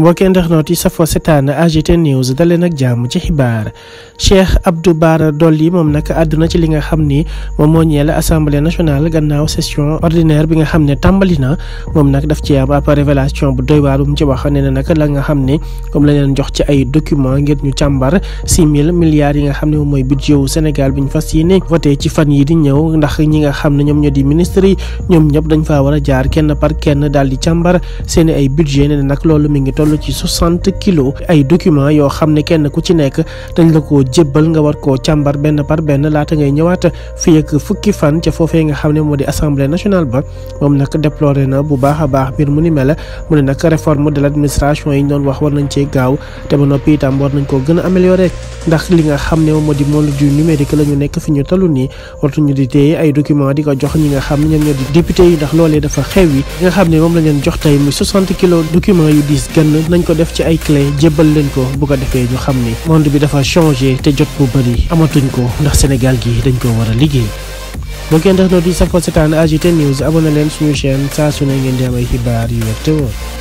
mbokki internet yi safoo setaan AGT news dalee nag jàmm ci xibaar Cheikh Abdou Bara Dolly moom nag àdduna ci li nga xam ni moom moo ñeel assemblée nationale gannaaw session ordinaire bi nga xam ne tàmbali na moom nag daf ci am ab révélation bu doy waar bu mu ci wax nee na la nga xam ne moom la leen jox ci ay document ngir ñu càmbar six mille milliards yi nga xam ne moom mooy budget wu Sénégal bi ñu fas yéene voté ci fan yi di ñëw ndax ñi nga xam ne ñoom ñoo di ministre yi ñoom ñëpp dañ faa war a jaar kenn par kenn daal di càmbar seen ay budget nee na nag loolu mi ngi toll toll ci soixante kilos ay documents yoo xam ne kenn ku ci nekk dañ la ko jébbal nga war koo càmbar benn par benn laata ngay ñëwaat fii ak fukki fan ca foofee nga xam ne ba moom nag a baax mbir yi ñu doon wax war nañ cee gaaw a li nga xam ne moo di monde di téye ay documents di ko jox ñi nga xam yi ndax loolee dafa xew yi nga xam ne moom la jox tey muy 60 kilos documents yu diis gën nañ ko def ci ay clé jébbal leen ko bu ko defee ñu xam ni monde bi dafa changé te jot bu bëri amatuñ ko ndax Sénégal gi dañ ko war a liggéey. boo kenn def noo di safoo setaan AGT News leen suñu chaîne saa su ne ngeen di am ay xibaar yu wér te